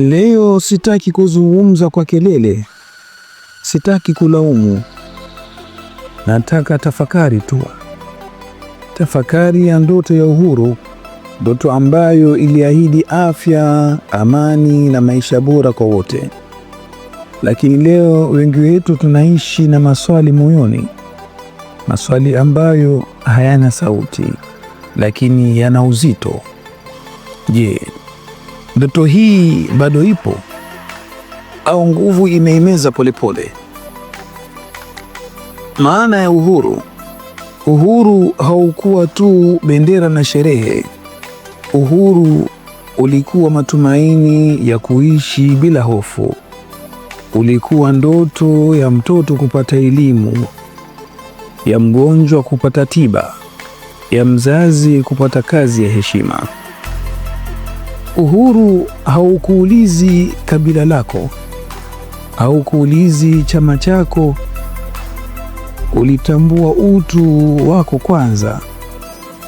Leo sitaki kuzungumza kwa kelele, sitaki kulaumu, nataka tafakari tu, tafakari ya ndoto ya uhuru, ndoto ambayo iliahidi afya, amani na maisha bora kwa wote. Lakini leo wengi wetu tunaishi na maswali moyoni, maswali ambayo hayana sauti, lakini yana uzito. Je, Ndoto hii bado ipo au nguvu imeimeza polepole? Maana ya uhuru: uhuru haukuwa tu bendera na sherehe. Uhuru ulikuwa matumaini ya kuishi bila hofu, ulikuwa ndoto ya mtoto kupata elimu, ya mgonjwa kupata tiba, ya mzazi kupata kazi ya heshima. Uhuru haukuulizi kabila lako, haukuulizi chama chako. Ulitambua utu wako kwanza.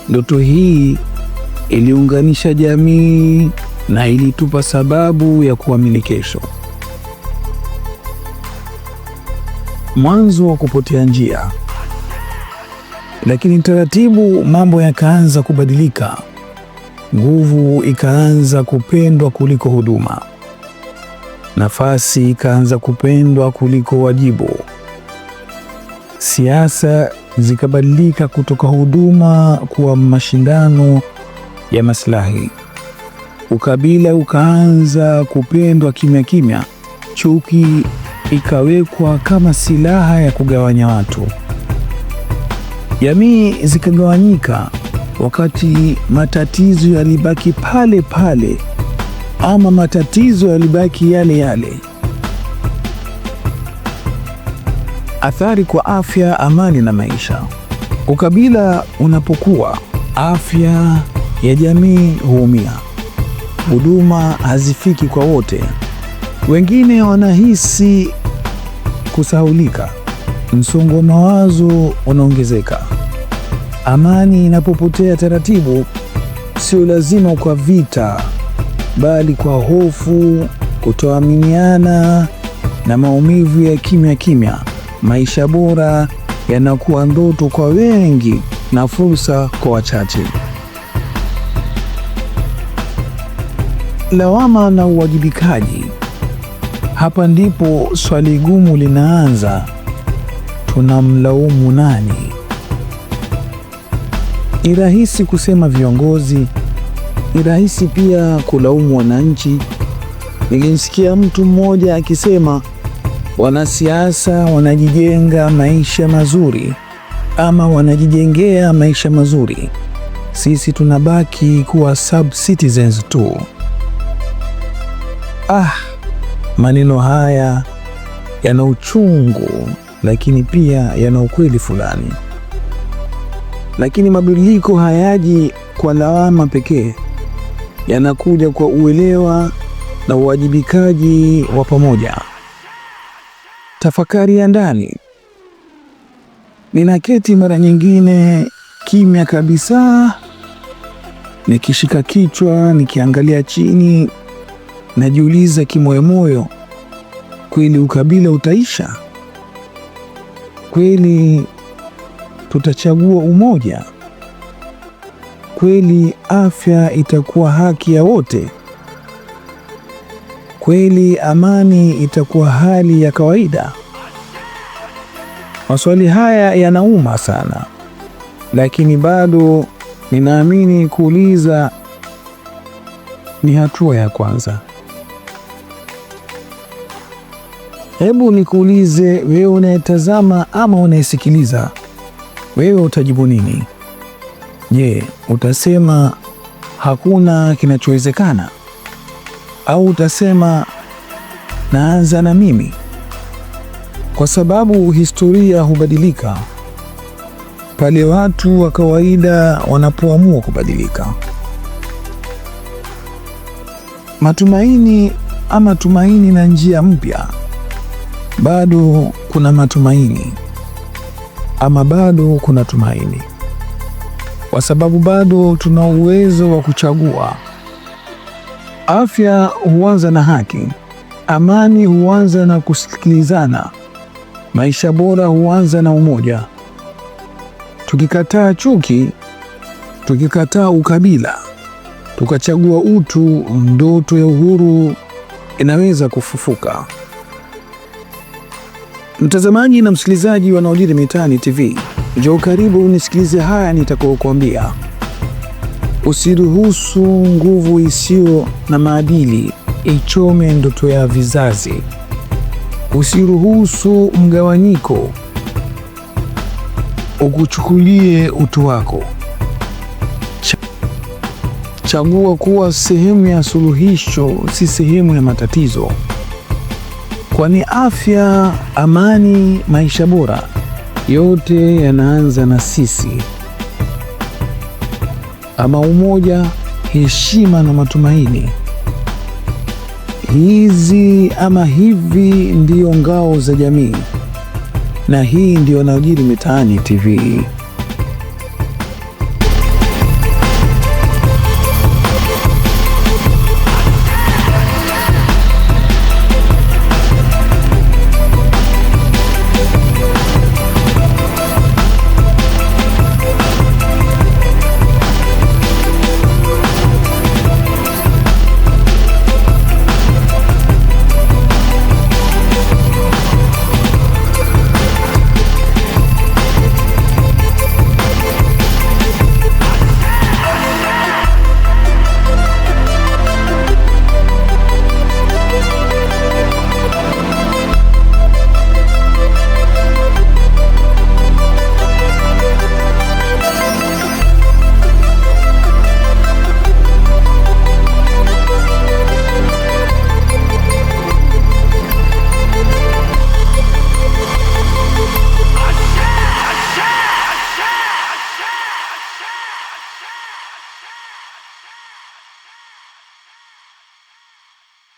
Ndoto hii iliunganisha jamii na ilitupa sababu ya kuamini kesho. Mwanzo wa kupotea njia, lakini taratibu mambo yakaanza kubadilika. Nguvu ikaanza kupendwa kuliko huduma, nafasi ikaanza kupendwa kuliko wajibu, siasa zikabadilika kutoka huduma kuwa mashindano ya maslahi, ukabila ukaanza kupendwa kimya kimya, chuki ikawekwa kama silaha ya kugawanya watu, jamii zikagawanyika wakati matatizo yalibaki pale pale, ama matatizo yalibaki yale yale. Athari kwa afya, amani na maisha. Ukabila unapokuwa, afya ya jamii huumia, huduma hazifiki kwa wote, wengine wanahisi kusahulika msongo wa mawazo unaongezeka. Amani inapopotea taratibu, sio lazima kwa vita, bali kwa hofu, kutoaminiana na maumivu ya kimya kimya, maisha bora yanakuwa ndoto kwa wengi na fursa kwa wachache. Lawama na uwajibikaji, hapa ndipo swali gumu linaanza. Tunamlaumu nani? Ni rahisi kusema viongozi, ni rahisi pia kulaumu wananchi. Nilimsikia mtu mmoja akisema wanasiasa wanajijenga maisha mazuri ama wanajijengea maisha mazuri, sisi tunabaki kuwa sub citizens tu. Ah, maneno haya yana uchungu, lakini pia yana ukweli fulani. Lakini mabadiliko hayaji kwa lawama pekee, yanakuja kwa uelewa na uwajibikaji wa pamoja. Tafakari ya ndani. Ninaketi mara nyingine kimya kabisa, nikishika kichwa, nikiangalia chini, najiuliza kimoyomoyo, kweli ukabila utaisha? Kweli tutachagua umoja, kweli afya itakuwa haki ya wote, kweli amani itakuwa hali ya kawaida. Maswali haya yanauma sana, lakini bado ninaamini kuuliza ni hatua ya kwanza. Hebu nikuulize wewe unayetazama ama unayesikiliza, wewe utajibu nini? Je, utasema hakuna kinachowezekana au utasema naanza na mimi? Kwa sababu historia hubadilika pale watu wa kawaida wanapoamua kubadilika. Matumaini ama tumaini na njia mpya, bado kuna matumaini ama bado kuna tumaini, kwa sababu bado tuna uwezo wa kuchagua. Afya huanza na haki, amani huanza na kusikilizana, maisha bora huanza na umoja. Tukikataa chuki, tukikataa ukabila, tukachagua utu, ndoto ya uhuru inaweza kufufuka. Mtazamaji na msikilizaji yanayojiri mitaani TV, njoo karibu nisikilize haya nitakayokuambia. Usiruhusu nguvu isiyo na maadili ichome ndoto ya vizazi. Usiruhusu mgawanyiko ukuchukulie utu wako. Chagua kuwa sehemu ya suluhisho, si sehemu ya matatizo kwani afya, amani, maisha bora yote yanaanza na sisi, ama umoja, heshima na matumaini. Hizi ama hivi ndiyo ngao za jamii, na hii ndiyo yanayojiri mitaani TV.